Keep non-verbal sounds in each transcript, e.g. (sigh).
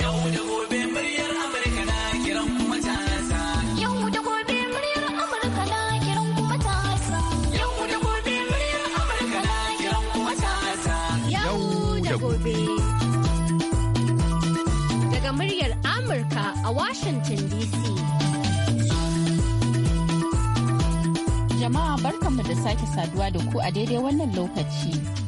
Yau da gobe muryar Amurka na kiran Yau da gobe muryar Amurka na kiran Yau da gobe muryar Amurka na kiran Yau da gobe. Daga muryar Amurka a Washington DC. Jama'a barkanmu da sake saduwa da ku a daidai wannan lokaci.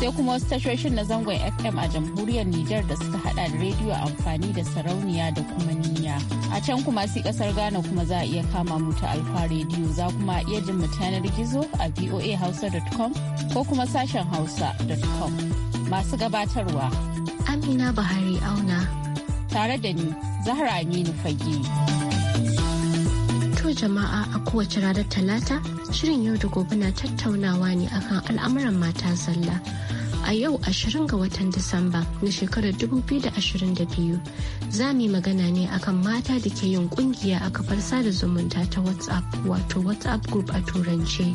sai kuma wasu tashoshin na zangon fm a jamhuriyar nijar da suka hada da rediyo amfani da sarauniya da kuma niyya a can kuma sai kasar ghana kuma za a iya kama mu alfa rediyo za kuma iya jin mu yanar gizo a voahausa.com ko kuma sashen hausa.com masu gabatarwa amina buhari auna tare da ni zahra aminu fage To jama'a a kowace ranar talata shirin yau da gobe na tattaunawa ne akan al'amuran mata sallah. a yau 20 ga watan Disamba na shekarar 2022 za mu yi magana ne akan mata da ke yin kungiya a kafar sada zumunta ta WhatsApp wato WhatsApp group a turance.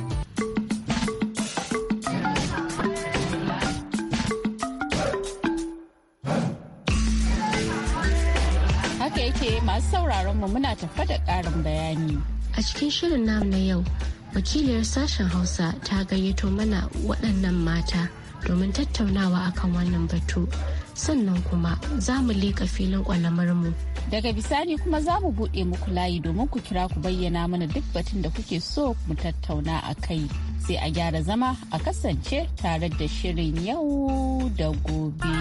Haka yake masu sauraron mu muna tafa da ƙarin bayani. A cikin shirin namu na yau, wakiliyar sashen Hausa ta gayyato mana waɗannan mata. domin tattaunawa akan wannan batu sannan kuma za mu leƙa filin mu. daga bisani kuma za mu buɗe muku layi domin ku kira ku bayyana mana duk batun da kuke so mu tattauna a kai sai a gyara zama a kasance tare da shirin yau da gobe.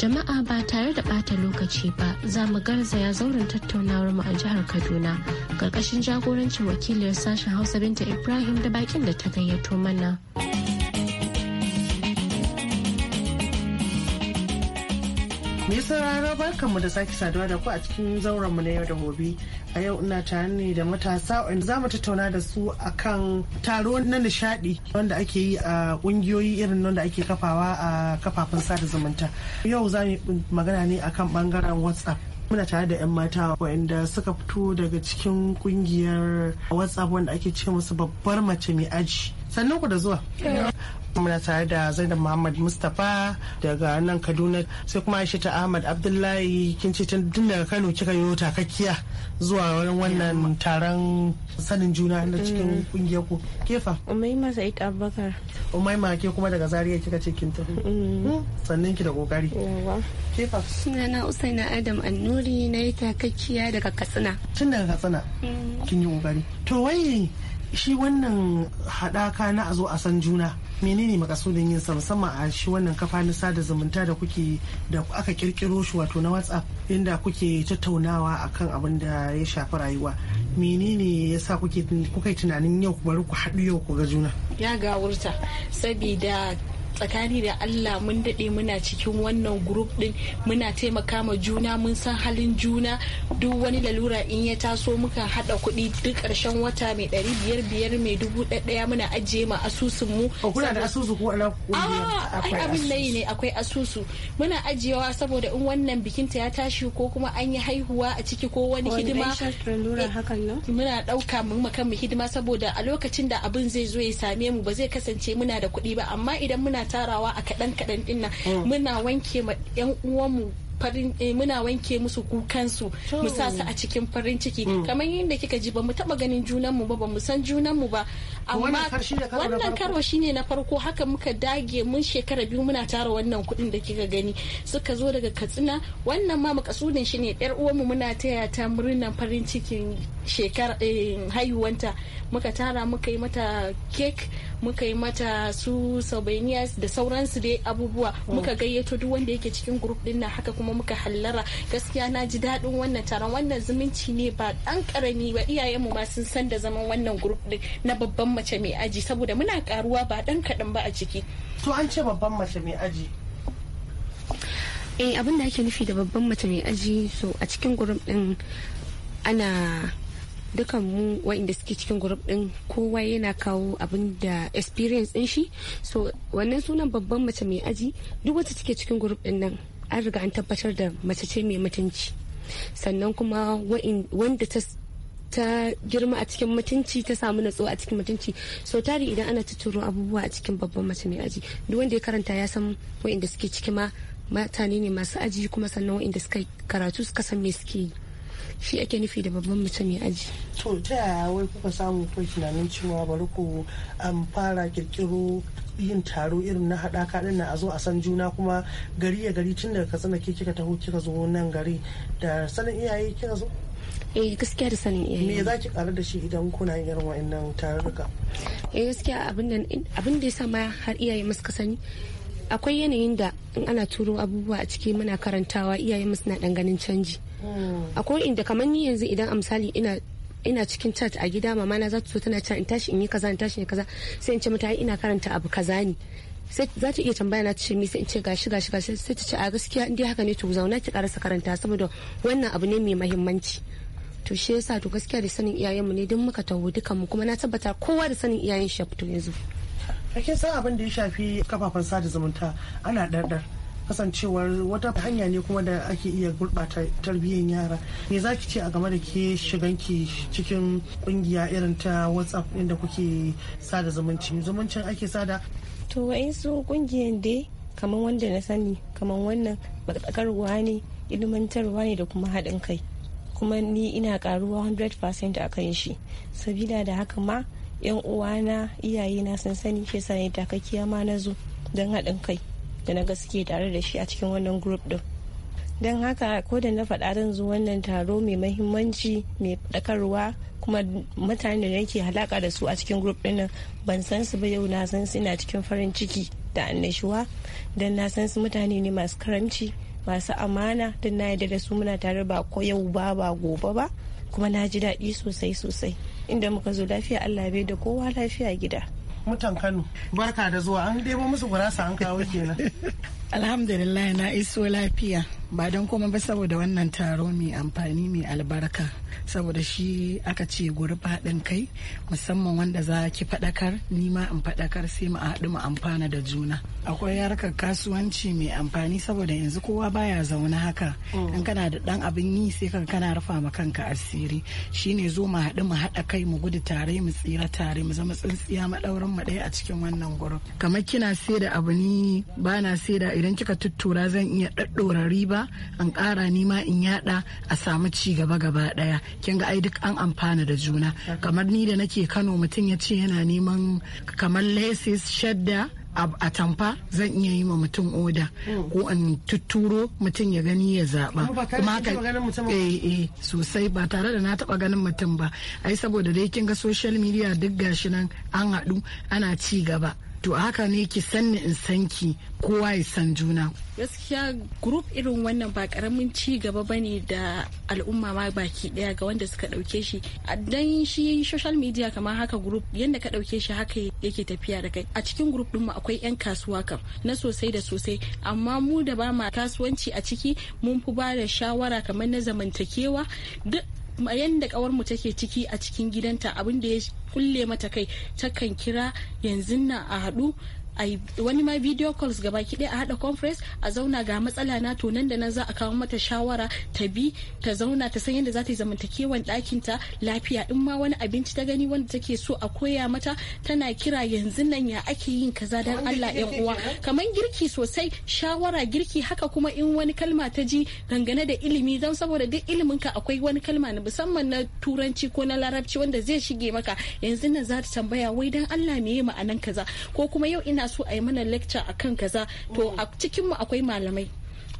jama'a ba tare da ɓata lokaci ba za mu garzaya zauren tattaunawar mu a jihar kaduna ƙarƙashin jagorancin wakiliyar sashen hausa binta ibrahim da bakin da ta gayyato mana. Me sauraro barkanmu da sake saduwa da ku a cikin zauren mu na yau da gobe. A yau ina tare ne da matasa wanda za mu tattauna da su akan taro na nishadi wanda ake yi a kungiyoyi irin wanda ake kafawa a kafafen sada zumunta. Yau za mu magana ne akan bangaren WhatsApp. muna tare da 'yan mata waɗanda suka fito daga cikin kungiyar whatsapp wanda ake ce musu babbar mace mai aji sannan ku da zuwa muna tare da zainab muhammad mustapha daga nan kaduna sai kuma aisha ta ahmad abdullahi kin ce tun daga kano kika yi takakkiya zuwa wurin wannan taron sanin juna na cikin mm. kungiyar ku kefa umaima sa'id abubakar umaima ke kuma daga zaria kika ce kin mm. hmm? sannan ki da kokari kefa sunana usaina adam annuri na yi takakkiya daga katsina tun daga katsina mm. kin yi kokari to wai shi wannan haɗaka na a zo a san juna menene makasudin yin sa musamman a shi wannan kafa na sada zumunta da kuke da aka kirkiro shi wato na whatsapp inda kuke tattaunawa akan abin da ya shafi rayuwa menene ya sa kuke tunanin yau bari ku haɗu yau ku ga juna ya gawurta sabida tsakani da Allah mun daɗe muna cikin wannan group din muna taimaka ma juna mun san halin juna duk wani lalura in ya taso muka haɗa kuɗi duk ƙarshen wata mai ɗari biyar biyar mai dubu ɗaya muna ajiye ma asusun mu. Oh, kuna da asusu ko ana akwai abin layi ne akwai asusu muna ajiyewa saboda in wannan bikinta ya tashi ko kuma an yi haihuwa a ciki ko wani hidima eh, muna ɗauka mu makan mu hidima saboda a lokacin da abin zai zo ya same mu ba zai kasance muna da kuɗi ba amma idan muna tarawa a kaɗan kaɗan dinnan mm. muna wanke ma 'yan uwanmu farin eh, muna wanke musu kukansu mu sa su a cikin farin ciki mm. kamar yadda kika ji ba mu taba ganin junanmu ba ba mu san junanmu ba amma wannan karo shine na farko haka muka dage mun shekara biyu muna tara wannan kuɗin da kika gani suka zo daga katsina wannan ma makasudin shi ne yar uwanmu muna taya ta murnan farin cikin shekara eh, haihuwanta muka tara muka yi mata kek muka yi mata su souvenirs da sauransu dai abubuwa oh. muka gayyato duk wanda yake cikin grup din nan haka kuma muka hallara gaskiya na ji daɗin wannan taron wannan zumunci ne ba ɗan ƙarami ba iyayenmu ma sun san da zaman wannan grup din na babban mace mai aji saboda muna karuwa ba dan kaɗan ba a ciki to an ce babban mace mai aji eh abin da ake nufi da babban mace mai aji so a cikin gurup din ana dukan mu wa'inda suke cikin gurup din kowa yana kawo abin da experience din shi so wannan sunan babban mace mai aji duk wata take cikin gurup din nan an riga an tabbatar da mace ce mai mutunci sannan kuma wanda ta ta girma a cikin mutunci ta samu natsuwa a cikin mutunci sau tari idan ana tuturo abubuwa a cikin babban mace mai aji duk wanda ya karanta ya san wa'inda suke ciki ma mutane ne masu aji kuma sannan wa'inda suka karatu suka san me suke yi shi ake nufi da babban mace mai aji. To ta yaya wai kuka samu ko tunanin cewa bari ku an um, fara kirkiro yin taro irin na haɗaka ɗin a zo a san juna kuma gari ya gari tun daga katsina ke kika taho kika zo nan gari da sanin iyaye kika zo. eh gaskiya da sanin iyaye me za ki karar da shi idan kuna yin irin wa'annan tarurruka eh gaskiya abin da ya sa ma har iyaye mu suka sani akwai yanayin da in ana turo abubuwa a ciki muna karantawa iyayen mu suna dan ganin canji hmm. akwai inda kamar ni yanzu idan a misali ina ina cikin chat a gida mama na za ta so tana cewa in tashi in yi kaza in tashi in kaza sai in ce mata ina karanta abu kaza ne sai za ta iya tambaya na ce mi sai in ce gashi gashi gashi sai ta ce a gaskiya in dai haka ne to zauna ki karasa karanta saboda wannan abu ne mai mahimmanci to shi yasa to gaskiya da sanin iyayenmu ne don muka taho dukanmu kuma na tabbata kowa da sanin iyayen shi ya fito yanzu kin san abin da ya shafi kafafen sada zumunta ana ɗarɗar kasancewar wata hanya ne kuma da ake iya gurɓata tarbiyyar yara me za ki ce a game da ke shiganki cikin kungiya irin ta whatsapp inda kuke sada zumunci zumuncin ake sada to wa'insu kungiyar dai kamar wanda na sani kamar wannan faɗakarwa ne ilmantarwa ne da kuma haɗin kai kuma ni ina karuwa 100% a kan shi sabida da haka ma yan uwana iyayena sun sani shi ne takakkiya ma na zo don haɗin kai da na gaske tare da shi a cikin wannan group ɗin. don haka ko da na faɗa zan zo wannan taro mai mahimmanci mai ɗakarwa kuma mutane da nake halaka da su a cikin group din nan ban san su ba yau na san su ina cikin farin ciki da annashuwa don na san su mutane ne masu karamci masu amana tun na yadda da su muna tare ba ko yau ba ba gobe ba kuma na ji daɗi sosai sosai inda muka zo lafiya Allah bai da kowa lafiya gida. Mutan Kano barka da zuwa an debo musu gurasa an kawo kenan. (laughs) alhamdulillah na iso lafiya ba don kuma ba saboda wannan taro mai amfani mai albarka saboda shi aka ce guri haɗin kai musamman wanda za ki faɗakar nima in faɗakar sai mu haɗu mu amfana da juna akwai harkar kasuwanci mai amfani saboda yanzu kowa baya zaune haka mm. in kana da ɗan abin yi sai ka kana rufa ma kanka asiri shine zo mu haɗu mu haɗa kai mu gudu tare mu tsira tare mu zama tsintsiya maɗaurin mu ɗaya a cikin wannan gurin kamar kina sai da abu ni ba na sai da idan kika tuttura zan iya daddora riba an ƙara nima in yaɗa a samu ci gaba gaba ɗaya kin ga ai duk an amfana da juna kamar ni da nake Kano mutum ya ce yana neman kamar laces shadda a tamfa zan iya yi ma mutum oda ko in tutturo mutum ya gani ya zaba kuma haka eh eh sosai ba tare da na taɓa ganin mutum ba ai saboda dai kin ga social media duk gashi nan an haɗu ana ci gaba to haka ne ki sanni in san ki kowa ya san juna gaskiya group irin wannan ba karamin ci gaba ne da al'umma ma baki daya ga wanda suka dauke shi dan shi social media kamar haka group yadda ka dauke shi haka yake tafiya da kai a cikin group din mu akwai yan kasuwa kam na sosai da sosai amma mu da ba ma kasuwanci a ciki mun fi ba da shawara kamar na zamantakewa duk yanda kawar mu take ciki a cikin gidanta abin da ya kulle mata kai takan kira yanzu na a haɗu wani ma video calls gaba ɗaya a haɗa conference a zauna ga matsala na to nan da nan za a kawo mata shawara ta bi ta zauna ta san yadda za ta yi zamantakewan ɗakin ta lafiya in ma wani abinci ta gani wanda take so a koya mata tana kira yanzu nan ya ake yin kaza dan Allah yan uwa kamar girki sosai shawara girki haka kuma in wani kalma ta ji dangane da ilimi don saboda duk ilimin ka akwai wani kalma na musamman na turanci ko na larabci wanda zai shige maka yanzu nan za ta tambaya wai dan Allah me ma'anan kaza ko kuma yau ina su a yi mana lecture kan kaza to a cikinmu akwai malamai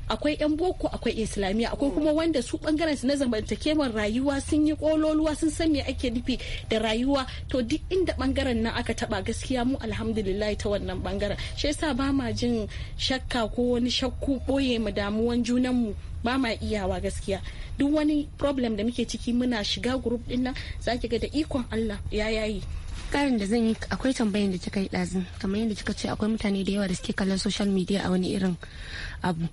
akwai 'yan boko akwai islamiyya akwai kuma wanda su bangaren su na zamantakewar rayuwa sun yi kololuwa sun san me ake nufi da rayuwa to duk inda bangaren nan aka taba gaskiya mu alhamdulillah ta wannan bangaren shi yasa ba ma jin shakka ko wani shakku boye mu damuwan junan mu ba ma iyawa gaskiya duk wani problem da muke ciki muna shiga group din nan zaki ga da ikon Allah ya yayi karin da zan yi akwai tambayan da kika yi dazin kamar yadda kika ce akwai mutane da yawa da suke kallon social media a wani irin abu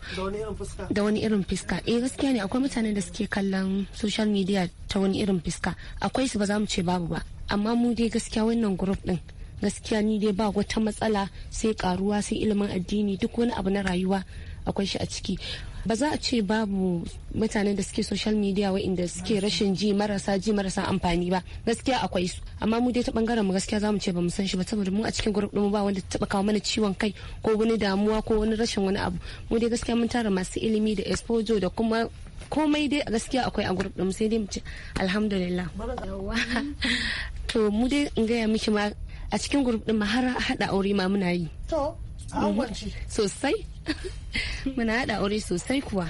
da wani irin fiska eh gaskiya ne akwai mutane da suke kallon social media ta wani irin fiska akwai su ba za mu ce babu ba amma mu dai gaskiya wannan group din gaskiya ni dai ba wata matsala sai karuwa sai ilimin addini duk wani abu na rayuwa akwai shi a ciki ba za a ce babu mutanen da suke social media inda suke rashin ji marasa ji marasa amfani ba gaskiya akwai su amma mu dai ta bangaren mu gaskiya zamu ce bamu san shi ba saboda mu a cikin group din mu ba wanda ta taba kawo mana ciwon kai ko wani damuwa ko wani rashin wani abu mu dai gaskiya mun tara masu ilimi da exposure da kuma komai dai gaskiya akwai a group din sai dai mu ce alhamdulillah (laughs) to mu dai in gaya miki ma a cikin group din har hada aure ma muna yi to sosai (laughs) muna haɗa aure sosai kuwa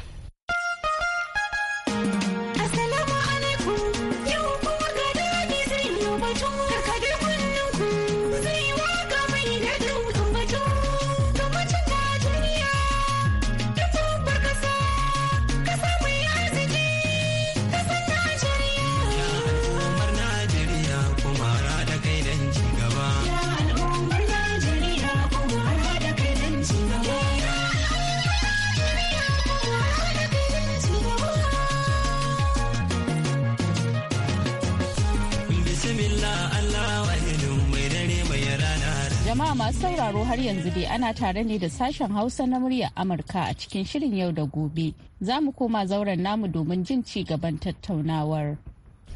bismillah mai dare mai rana Jama'a masu sauraro har yanzu dai ana tare ne da sashen Hausa na muryar Amurka a cikin shirin yau da gobe. Za mu koma zauren namu domin jin ci gaban tattaunawar.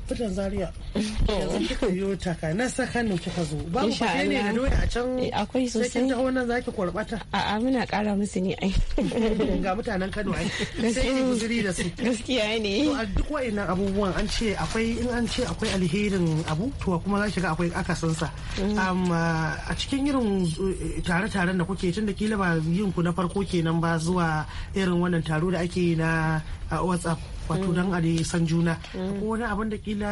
fitan zaria (laughs) oh. yanzu kika yi ka na sakanin kika zo babu ba ne da doya a can eh, akwai sosai sai taho nan zaki kwarbata a'a muna kara musu ne ai (laughs) ga mutanen Kano ai sai ni guzuri da su gaskiya ne to a duk wa'annan abubuwan an ce akwai in an ce akwai alherin abu to kuma za shiga akwai akasin sa mm. a cikin irin eh, tare-taren da kuke tun da kila ba yin ku na farko kenan ba zuwa irin wannan taro da ake yi na WhatsApp wato mm. don a san juna mm. ko wani abin da kila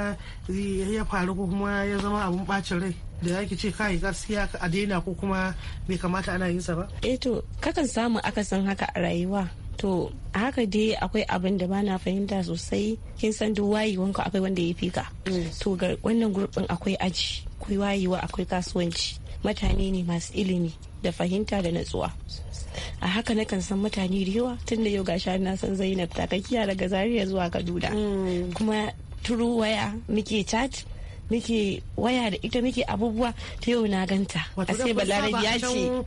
ya faru ko kuma ya zama abun bacin rai da zaki ce kai gaskiya a daina ko kuma bai kamata ana yin sa ba eh to kakan samu akasin haka a rayuwa to haka dai akwai abin da bana fahimta sosai kin san duk wayewanku akwai wanda ya fi ka mm. to ga wannan gurbin akwai aji akwai wayewa akwai kasuwanci mutane ne masu ilimi da fahimta da natsuwa a haka na kan san mutane da yawa tun da yau gashi na san zainab takakkiya daga zaria zuwa kaduna mm. kuma turu waya muke chat muke waya da ita muke abubuwa ta yau na ganta a sai balarabi ya ce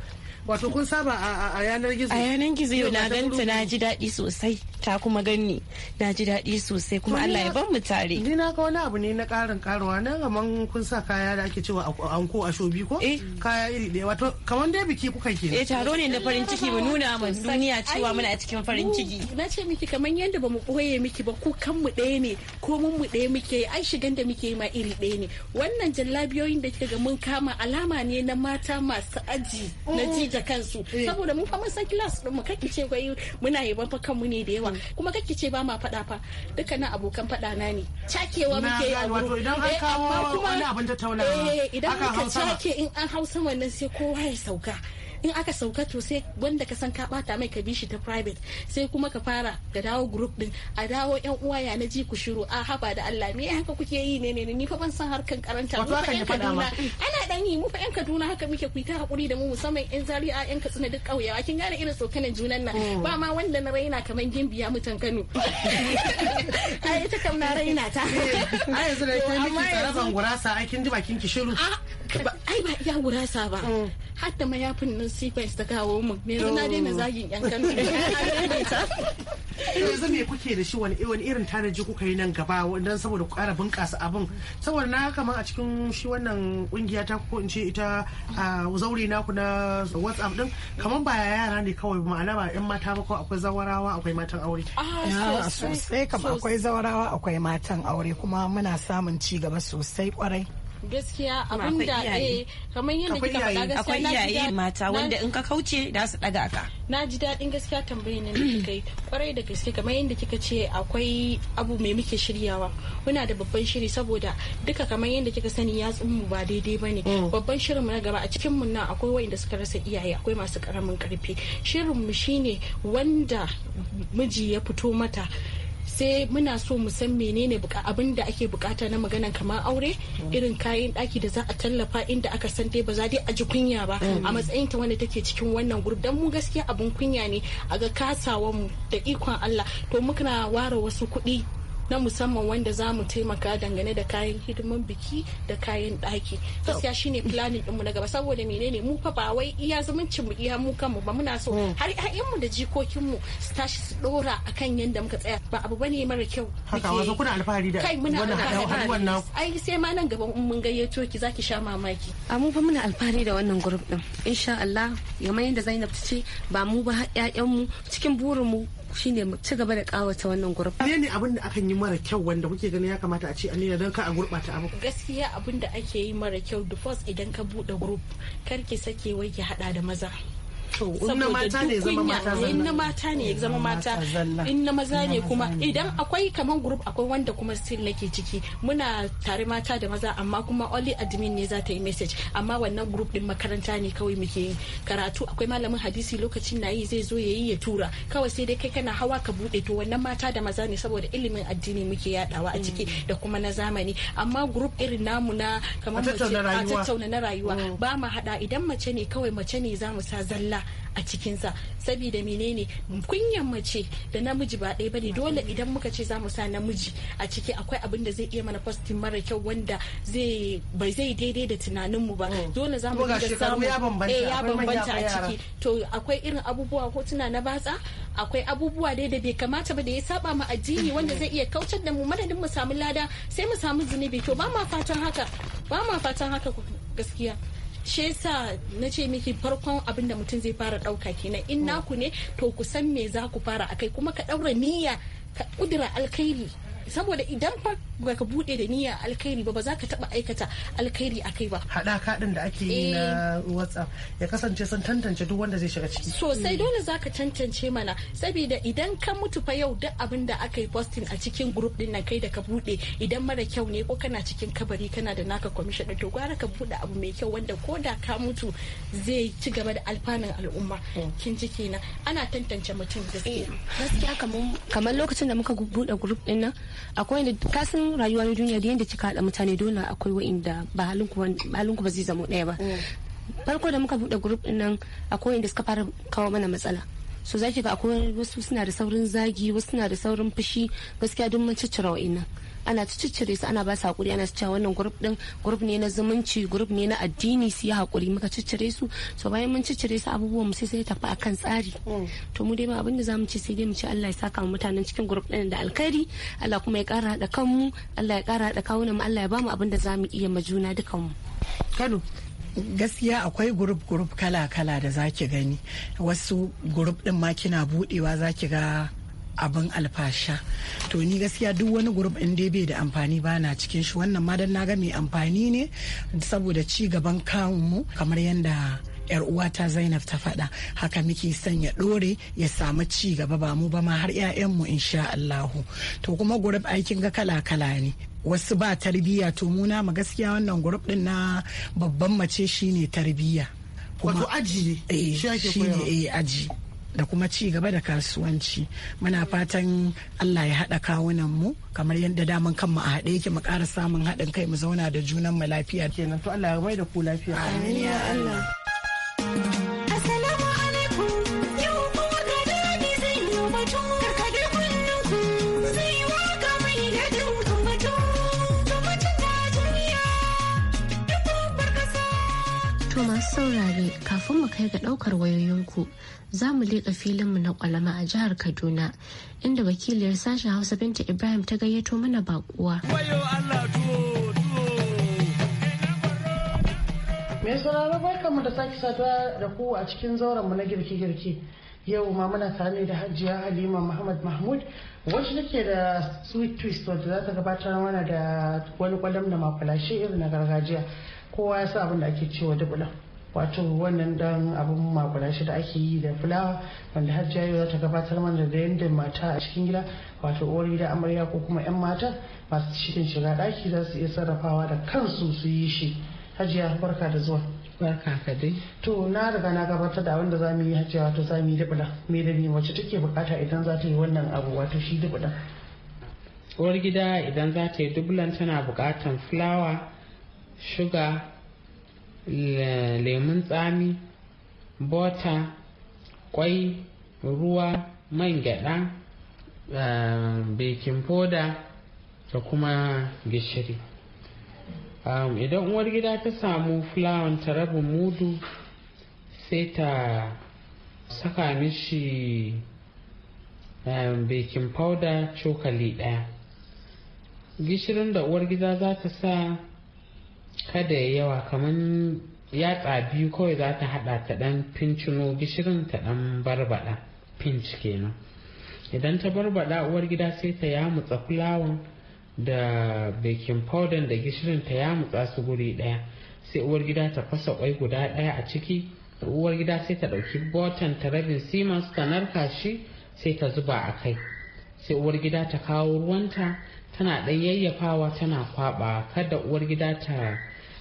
wato kun saba a yanar gizo a yanar gizo yau na ganta na ji daɗi sosai ta kuma ganni na ji daɗi sosai kuma Allah ya ban mu tare. Ni na ga wani abu ne na ƙarin karuwa na kaman kun sa kaya da ake cewa anko a shobi ko? Eh. Kaya iri ɗaya wato kaman dai biki kuka ke. Eh taro ne na farin ciki mu nuna ma duniya cewa muna cikin farin ciki. Na ce miki kaman yadda bamu ɓoye miki ba ko kan mu ɗaya ne ko mun mu ɗaya muke ai shigan da muke ma iri ɗaya ne. Wannan jallabiyoyin da kika ga mun kama alama ne na mata masu aji na da mm. kansu eh. saboda mun fa mun san class ɗin mu kake ce gwai muna yaban fa kanmu ne da yawa. yawa kuma kake ce ba ma faɗa fa dukkanin abokan faɗa na ne cakewa muke yi abu wato idan an eh, kawo wani abin tattaunawa eh, idan muka cake in an hausa wannan sai kowa ya sauka in aka sauka to sai wanda ka san ka bata mai ka bi shi ta private sai kuma ka fara ka dawo group din a dawo yan uwa ya na ji ku shiru a haba da Allah me haka kuke yi ne ne ni fa ban san harkan karanta mu fa yan Kaduna ana dan yi mu fa yan Kaduna haka muke ku ta hakuri da mu musamman yan Zaria yan Katsina duk kauyawa kin gane irin sokanan junan nan oh. ba ma wanda na raina kaman gimbiya mutan Kano (laughs) ai ta kam na raina ta ai yanzu da kai miki tsara gurasa ai kin ji bakin ki shiru ai ba iya gurasa ba oh. hatta mayafin nan sequence ta kawo mu dai na daina zagin yan kano (laughs) yanzu me kuke da shi wani irin tanaji kuka yi nan gaba don saboda ku kara bunƙasa abin saboda na kama a cikin shi wannan kungiya ta ko in ce ita zaure naku na whatsapp din kamar ba yara ne kawai ma'ana ba yan mata ba ko akwai zawarawa akwai matan aure ah, sosai kamar akwai zawarawa akwai matan aure kuma muna samun ci gaba sosai kwarai gaskiya abun da eh kamar yadda kika faɗa gaskiya akwai iyaye mata wanda in ka kauce da su daga ka na ji daɗin gaskiya tambayin nan da kai kwarai da gaske kamar yadda kika ce akwai abu mai muke shiryawa muna da babban shiri saboda duka kamar yadda kika sani ya mu ba daidai ba ne. Mm. babban shirin mu na gaba a cikin mu nan akwai wanda suka rasa iyaye akwai masu karamin karfi shirin mu shine wanda miji ya fito mata sai muna so mu san menene abin da ake bukata na magana kamar aure irin kayan daki da za a tallafa inda aka san dai ba za dai a ji kunya ba mm. a matsayin ta wanda take cikin wannan gurbi dan mu gaskiya abin kunya ne a ga kasawan mu da ikon Allah to muna ware wasu kuɗi na musamman wanda za mu taimaka dangane da kayan hidiman biki da kayan ɗaki gaskiya shine planning ɗinmu na gaba saboda menene mu fa ba wai iya zumuncin mu iya mu kanmu ba muna so hmm. har mu da jikokinmu su tashi su ɗora akan yanda muka tsaya ba abu bane mara kyau haka wato kuna alfahari da kai muna alfahari ai sai ma nan gaba in mun gayyato ki zaki sha mamaki a mu fa muna alfahari da wannan group din insha Allah kamar yadda Zainab ta ce ba mu ba mu cikin burin burinmu shine mu ci gaba da kawata wannan gurbin ne ne abin da akan yi mara kyau wanda kuke gani ya kamata a ce a nuna don ka a gurbata abu gaskiya abin da ake yi mara kyau the first idan ka bude group kar ki sake wai ki hada da maza in mata ne zama mata zalla in na mata ne zama mata in na maza ne kuma idan akwai kaman group akwai wanda kuma still nake ciki muna tare mata da maza amma kuma only admin ne za ta yi message amma wannan group din makaranta ne kawai muke yi karatu akwai malamin hadisi lokacin na yi zai zo yayi ya tura kawai sai dai kai kana hawa ka bude to wannan mata da maza ne saboda ilimin addini muke yadawa a ciki mm. da kuma na zamani amma group irin namu na kamar mace a tattauna na rayuwa mm. ba mu hada idan mace ne kawai mace ne za mu sa zalla a cikinsa saboda menene kunyan mace da namiji ba ɗaya bane dole idan muka ce za mu sa namiji a ciki akwai abin da zai iya mana postin mara kyau wanda zai bai zai daidai da tunaninmu ba mm. dole za mu samu ya bambanta eh, a ciki to akwai irin abubuwa ko tuna na batsa akwai abubuwa dai da bai kamata ba da ya saba ma addini wanda zai iya kaucar da mu madadin mu samu lada sai mu samu zunubi to ba ma fatan haka ba ma fatan haka gaskiya shi yasa na ce miki farkon abin da mutum zai fara ɗauka kenan in hmm. naku ne to ku san me za ku fara akai kuma ka ɗaura niyya ka kudura alkhairi saboda idan fa ka bude da niyya alkhairi ba ba za ka taba aikata alkhairi kai ba hada din da ake yi na eh. whatsapp ya kasance sun tantance duk wanda zai shiga ciki sosai dole za ka tantance mana saboda idan ka mutu fa yau duk abin da aka yi posting a cikin group din nan kai da ka bude idan mara kyau ne ko kana cikin kabari kana da naka commission to gwara ka bude abu mai kyau wanda ko da ka mutu zai ci gaba da alfanun al'umma hmm. kin ji kenan ana tantance mutum gaskiya eh, gaskiya kamar lokacin da muka bude group din nan akwai da ka rayuwa na duniya da yadda cika haɗa mutane dole akwai wa'inda ba halinku ba zai zama daya ba mm. farko da muka buɗe group ɗin nan akwai inda suka fara kawo mana matsala so za ga akwai wasu suna da saurin zagi wasu suna da saurin fushi gaskiya duk mun ciccira wa'innan ana ciccire su ana ba su hakuri ana cewa wannan group din gurup ne na zumunci group ne na addini su yi hakuri muka ciccire su so bayan mun ciccire su abubuwan mu sai sai tafi akan tsari mm. to mu dai ma abinda zamu ci sai dai mu ci Allah ya saka mu mutanen cikin group din da alkhairi Allah kuma ya kara da kanmu Allah ya kara da kawunan mu Allah ya bamu abin da zamu iya ma juna dukan mu Kano gaskiya akwai gurup gurup kala-kala da zaki gani wasu gurup din ma kina budewa zaki ga abin alfasha to ni gaskiya duk wani gurb in dai bai da amfani ba na cikin shi wannan ma dan naga mai amfani ne saboda ci gaban mu kamar yadda yar uwata zainab ta faɗa haka muke son ya ɗore ya samu ci gaba ba mu ba ma har mu insha Allahu to kuma gurub aikin ga kala-kala ne wasu ba tarbiyya to muna ma gaskiya wannan gurub din na babban mace shine tarbiyya wato aji ne eh, shi ne eh, aji da kuma ci gaba da kasuwanci muna fatan allah ya haɗa kawunan mu kamar yadda daman kanmu a haɗe yake mu ƙara samun haɗin kai mu zauna da junan mu lafiya kenan to allah ya mai da ku lafiya amin ya allah To masu saurare kafin mu kai ga ɗaukar wayoyinku za mu leƙa filinmu na kwalama a jihar Kaduna inda wakiliyar sashen Hausa Binta Ibrahim ta gayyato mana baƙuwa. Mai sauraro mu da sake saduwa da ku a cikin zauren mu na girki-girki. yau ma muna tare da hajiya halima muhammad mahmud wacce take da sweet twist wadda za ta gabatar mana da wani kwalam da makulashe irin na gargajiya kowa ya sa abin da ake cewa dubula wato wannan dan abin makula shi da ake yi da fulawa wanda har jayo za ta gabatar mana da yadda mata a cikin gida wato ori da amarya ko kuma yan mata masu cikin shiga daki za su iya sarrafawa da kansu su yi shi hajiya barka da zuwa barka ka dai to na riga na gabatar da wanda za mu yi hajiya wato za mu yi dubula me da me wacce take bukata idan za ta yi wannan abu wato shi dubula uwar gida idan za ta yi dubulan tana bukatan fulawa shuga lemun tsami bota kwai ruwa man gyada eh, baking powder da kuma gishiri um, idan uwar gida ta samu fulawan ta rabin mudu sai ta saka mishi eh, baking powder cokali daya gishirin da uwar gida za ta sa kada ya yawa kamar yatsa biyu kawai za ta hada ta dan fincino gishirin ta dan barbada pinch kenan idan ta barbada uwar gida sai ta yamutsa fulawan da baking powder da gishirin ta yamutsa su guri daya sai uwar gida ta fasa kwai guda daya a ciki uwar gida sai ta dauki botan ta rabin siemens ta narka shi sai ta zuba a kai sai uwar gida ta kawo ruwanta tana dan yayyafawa tana kwaba kada uwar gida ta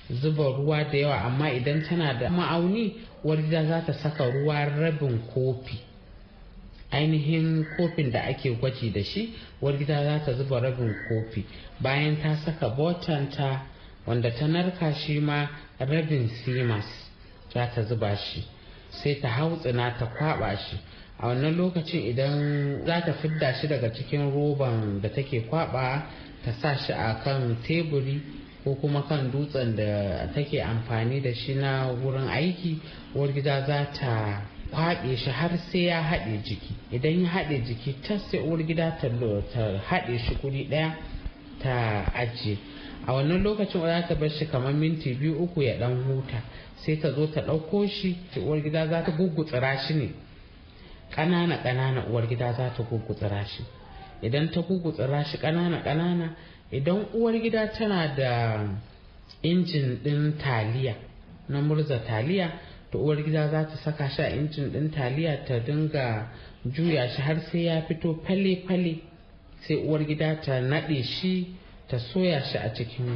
zuba ruwa da yawa amma idan tana da ma'auni wadda za ta saka ruwa rabin kofi ainihin kofin da ake gwaji da shi wadda za ta zuba rabin kofi bayan ta saka ta wanda ta narka shi ma rabin simas za ta zuba shi sai ta hau tsina ta kwaba shi a wannan lokacin idan za ta fidda shi daga cikin roban da take kwaba ta sa shi a kan teburi ko kuma kan dutsen da take amfani da shi na wurin aiki uwar gida za ta kwaɓe shi har sai ya haɗe jiki idan ya haɗe jiki ta sai uwar gida ta haɗe shi guri ɗaya ta ajiye a wannan lokacin za ta bar shi kamar minti biyu uku ya ɗan huta sai ta zo ta ɗauko shi uwar gida za ta gugutsira shi ne ƙanana ƙanana uwar gida za ta gugutsira shi idan ta gugutsira shi ƙanana ƙanana idan uwar gida tana da injin ɗin taliya na murza taliya to uwar gida za ta saka shi a injin ɗin taliya ta dinga juya shi har sai ya fito fale-fale sai uwar gida ta naɗe shi ta soya shi a cikin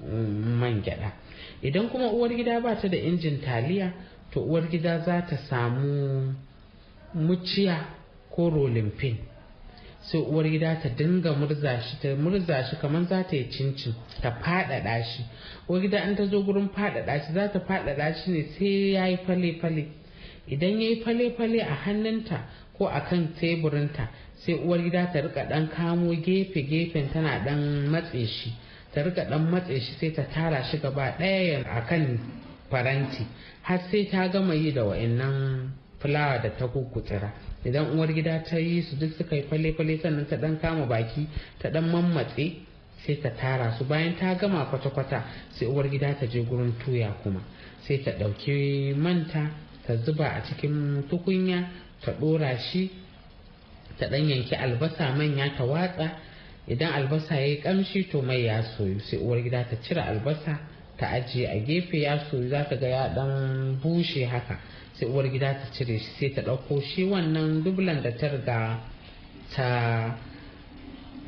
um, man gyaɗa idan kuma uwar gida ba ta da injin taliya to uwar gida za ta samu muciya ko rolin pin sai uwar gida ta dinga murza shi ta murza shi kamar za ta yi cincin ta faɗaɗa shi uwar gida an ta zo gurin faɗaɗa shi za ta faɗaɗa shi ne sai ya yi fale-fale idan ya yi fale-fale a hannunta ko a kan teburinta sai uwar gida ta rika ɗan kamo gefe-gefen tana ɗan matse shi ta rika ɗan matse shi sai ta tara shi gaba ɗaya a kan faranti har sai ta gama yi da wa'annan fulawa da ta kukutura idan uwar gida ta yi su duk suka yi kwale-kwale sannan ta dan kama baki ta dan mammatse sai ta tara su bayan ta gama kwata-kwata sai uwar gida ta je gurin tuya kuma sai ta ɗauki manta ta zuba a cikin tukunya ta ɗora shi ta ɗan yanki albasa manya ta watsa idan albasa ya yi ƙamshi to mai ya soyu sai uwar gida ta cire albasa ta ajiye a gefe ya soyu za ta ga ya ɗan bushe haka sai uwar gida ta cire shi sai ta ɗauko shi wannan dublan da ta riga ta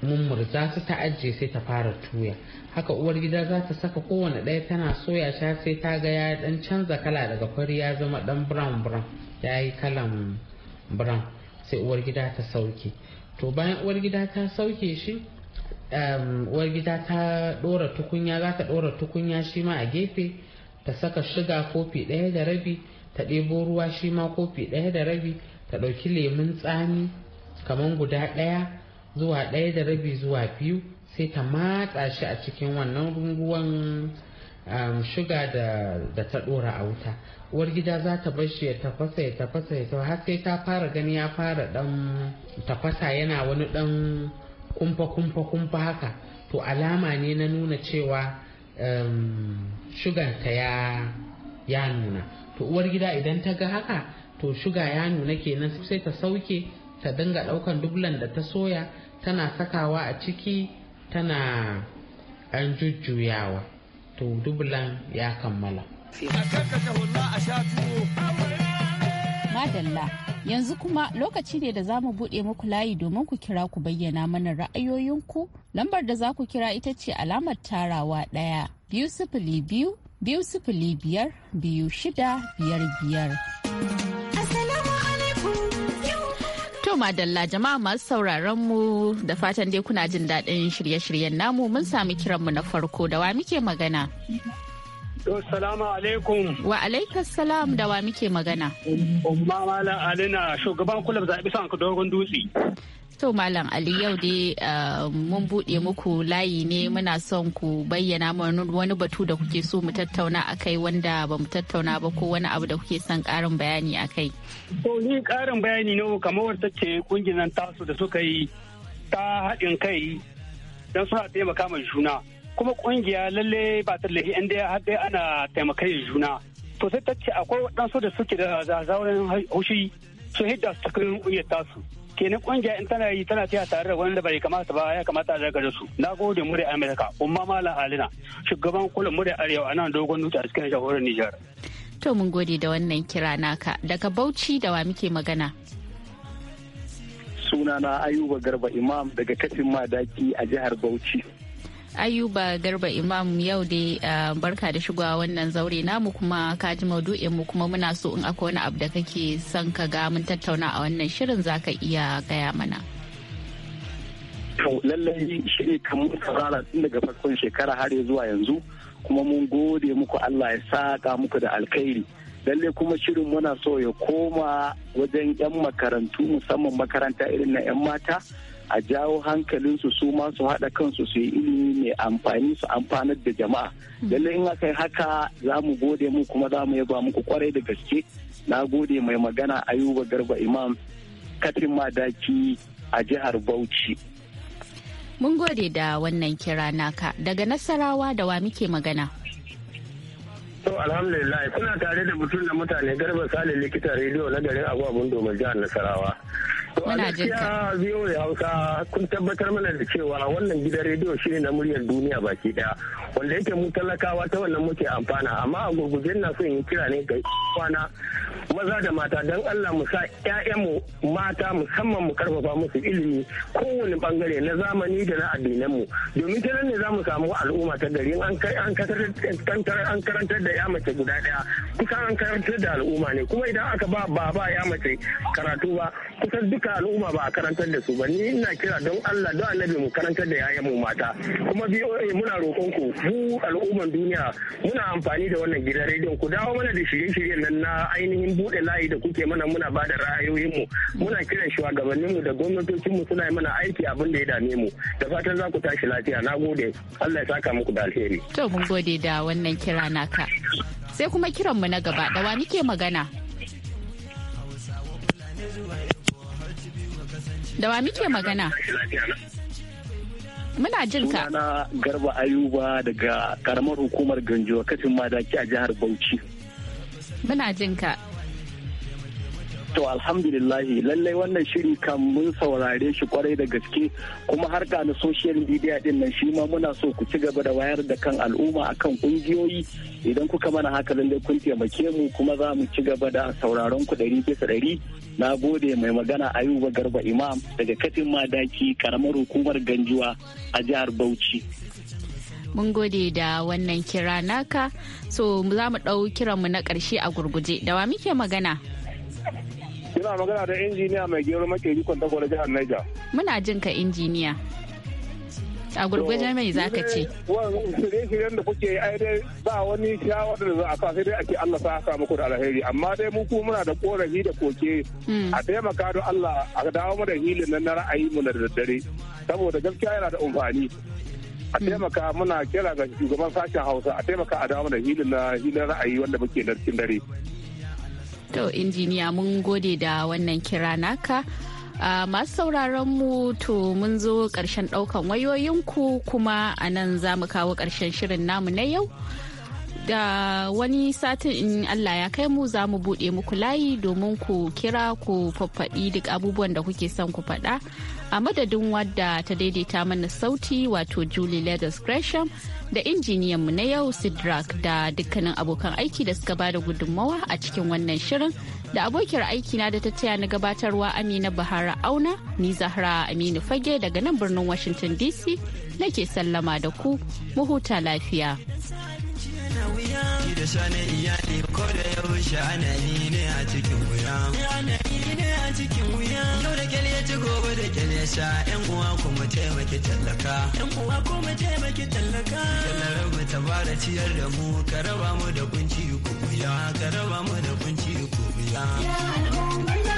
mummurza su ta ajiye sai ta fara tuya haka uwar gida za ta saka kowane ɗaya tana soya sha sai ta ga ya ɗan canza kala daga fari ya zama ɗan brown brown ya yi kalan brown sai uwar gida ta sauke to bayan uwar gida ta sauke shi um, uwar gida ta ɗora tukunya za ta ɗora tukunya shi ma a gefe ta saka shiga kofi ɗaya da rabi ta ɗebo ruwa shi ma kofi ɗaya da rabi ta ɗauki lemun tsami kamar guda ɗaya zuwa ɗaya da rabi zuwa biyu sai ta matsa shi a cikin wannan runguwan um, shuga da ta ɗora a wuta uwar gida za ta bar shi ya tafasa ya tafasa ya tafasa har sai ta fara gani ya fara ɗan tafasa yana wani ɗan kumfa kumfa kumfa haka to alama ne na nuna cewa um, ta ya nuna to uwar gida idan ta ga haka to shuga ya nuna kenan sai ta sauke ta dinga daukan dublan da ta soya tana sakawa a ciki tana an jujjuyawa to dublan ya kammala madalla yanzu kuma lokaci ne da za mu buɗe muku layi domin ku kira ku bayyana mana ra'ayoyinku lambar da za ku kira ita ce alamar tarawa ɗaya biyu sifili biyu biyu sifili biyar biyu shida biyar biyar. To madalla jama'a masu sauraron mu da fatan dai kuna jin daɗin shirye-shiryen namu mun sami kiranmu na farko da wa muke magana. Assalamu alaikum. Wa alaikas salam da wa muke magana. Umma Mala Alina shugaban kulab zaɓi sanka dogon dutse. To Malam Ali yau dai ah, mun buɗe muku layi ne muna son ku bayyana wani batu da kuke so mu tattauna akai wanda ba mu tattauna ba ko wani abu da kuke son ƙarin bayani akai. To ni ƙarin bayani ne kamar wata ce kungiyar tasu da suka yi ta haɗin kai don suna taimaka ma juna. Kuma kungiya lalle ba ta lahi inda ya haɗe ana taimakai juna. To sai ta ce akwai waɗansu da suke da zazaurin haushi su hidda su cikin kungiyar tasu. kenan kungiya in tana yi tana tiya tare da wanda bai kamata ba ya kamata a daga da su na gode mu da amerika umma mala alina shugaban kula mu arewa a nan dogon nuta a cikin shahorar nijar to mun gode da wannan kira naka daga bauchi da wa muke magana sunana ayuba garba imam daga kafin madaki a jihar bauchi ayuba garba imam yau dai barka da shigowa wannan zaure namu kuma ka ji maudu'in mu kuma muna so in akwai wani abu da kake son ka ga mun tattauna a wannan shirin zaka iya gaya mana to lallai shiri kan saurara tun daga farkon shekara har ya zuwa yanzu kuma mun gode muku Allah ya saka muku da alkhairi lallai kuma shirin muna so ya koma wajen 'yan makarantu musamman makaranta irin na 'yan mata a jawo hankalinsu su ma su haɗa kansu su yi ilimi mai amfani su amfanar da jama'a lallai in aka yi haka za mu gode mu kuma za mu yaba muku kwarai da gaske na gode mai magana ayuba garba imam katin madaki a jihar bauchi mun gode da wannan kira naka daga nasarawa da wa muke magana To alhamdulillah kuna tare da mutum da mutane garba sale likita rediyo na garin abu abun domin jihar nasarawa Muna jin ka. Biyo da Hausa kun tabbatar mana da cewa wannan gidan rediyo shine na muryar duniya baki daya wanda yake mu talakawa ta wannan muke amfana amma a gurguje na so in kira ne ga kwana maza da mata don Allah mu sa mu mata musamman mu karfafa musu ilimi kowane bangare na zamani da na addinan mu domin ta ne za mu samu al'umma ta gari an an karantar da ya mace guda daya kusan an karantar da al'umma ne kuma idan aka ba ba ba ya mace karatu ba kusan duka al'umma ba a karantar da su ba ni ina kira don Allah don annabi mu karantar da yayan mu mata kuma BOA muna roƙon ku mu al'umman duniya muna amfani da wannan gidan rediyon ku dawo mana da shirye-shiryen nan na ainihin buɗe layi da kuke mana muna ba da ra'ayoyin mu muna kiran shugabannin mu da gwamnatocin mu suna mana aiki abin da ya dame mu da fatan za ku tashi lafiya na gode Allah ya saka muku da alheri to mun gode da wannan kira naka sai kuma kiran mu na gaba dawa wa magana Da wa muke magana? Muna jin ka. na Garba Ayuba daga karamar hukumar Ganjuwa kafin madaki a jihar Bauchi. Muna jin ka. To alhamdulillahi lallai wannan shiri kan mun saurare shi kwarai da gaske kuma harka na social media din nan shi ma muna so ku ci gaba da wayar da kan al'umma akan kungiyoyi idan kuka mana haka lallai kun taimake mu kuma za mu ci gaba da sauraron ku ɗari bisa ɗari na gode mai magana ayuba garba imam daga katin madaki karamar hukumar ganjuwa a jihar bauchi mun gode da wannan kira naka so za mu ɗau kiranmu na ƙarshe a gurguje da wa muke magana Kina magana da injiniya mai gero makeri kwantakwar jihar Niger. Muna jin ka injiniya. A gurgurje mai za ka ce. Wannan shirye-shiryen da kuke yi dai ba wani shawar da za a sa sai dai ake Allah sa haka muku da alheri amma dai mu kuma muna da korafi da koke hmm. a taimaka don Allah a dawo mu da hilin nan na ra'ayi mu da daddare saboda gaskiya yana da amfani. a hmm. taimaka muna kira ga shugaban sashen hausa a taimaka a dawo da hilin na hilin ra'ayi wanda muke na cikin dare To injiniya mun gode da wannan kira naka. Uh, masu sauraron mu to mun zo ƙarshen ɗaukan wayoyinku kuma a nan za mu kawo ƙarshen shirin namu na yau. da wani satin in Allah ya kai mu za mu buɗe muku layi domin ku kira ku faffaɗi duk abubuwan da kuke son ku faɗa. A madadin wadda ta daidaita mana sauti wato Julie Leathers Gresham da injiniyan mu na yau Sidrak da dukkanin abokan aiki da suka bada gudunmawa a cikin wannan shirin da abokiyar na da ta taya na gabatarwa Amina Bahara Auna ni Zahra Aminu Fage daga nan birnin Washington DC nake sallama da ku mu huta lafiya. wuya ki da shane iyali ko da yaushe ana yi ne a cikin wuya ana yi ne a cikin wuya yau da kyale ci gobe da kyale sha yan uwa ko kuma taimaki tallaka yan uwa ko kuma taimaki tallaka tallara mu ta bara ciyar da mu ka raba mu da kunci ku wuya ka raba mu da kunci ku wuya ya al'umma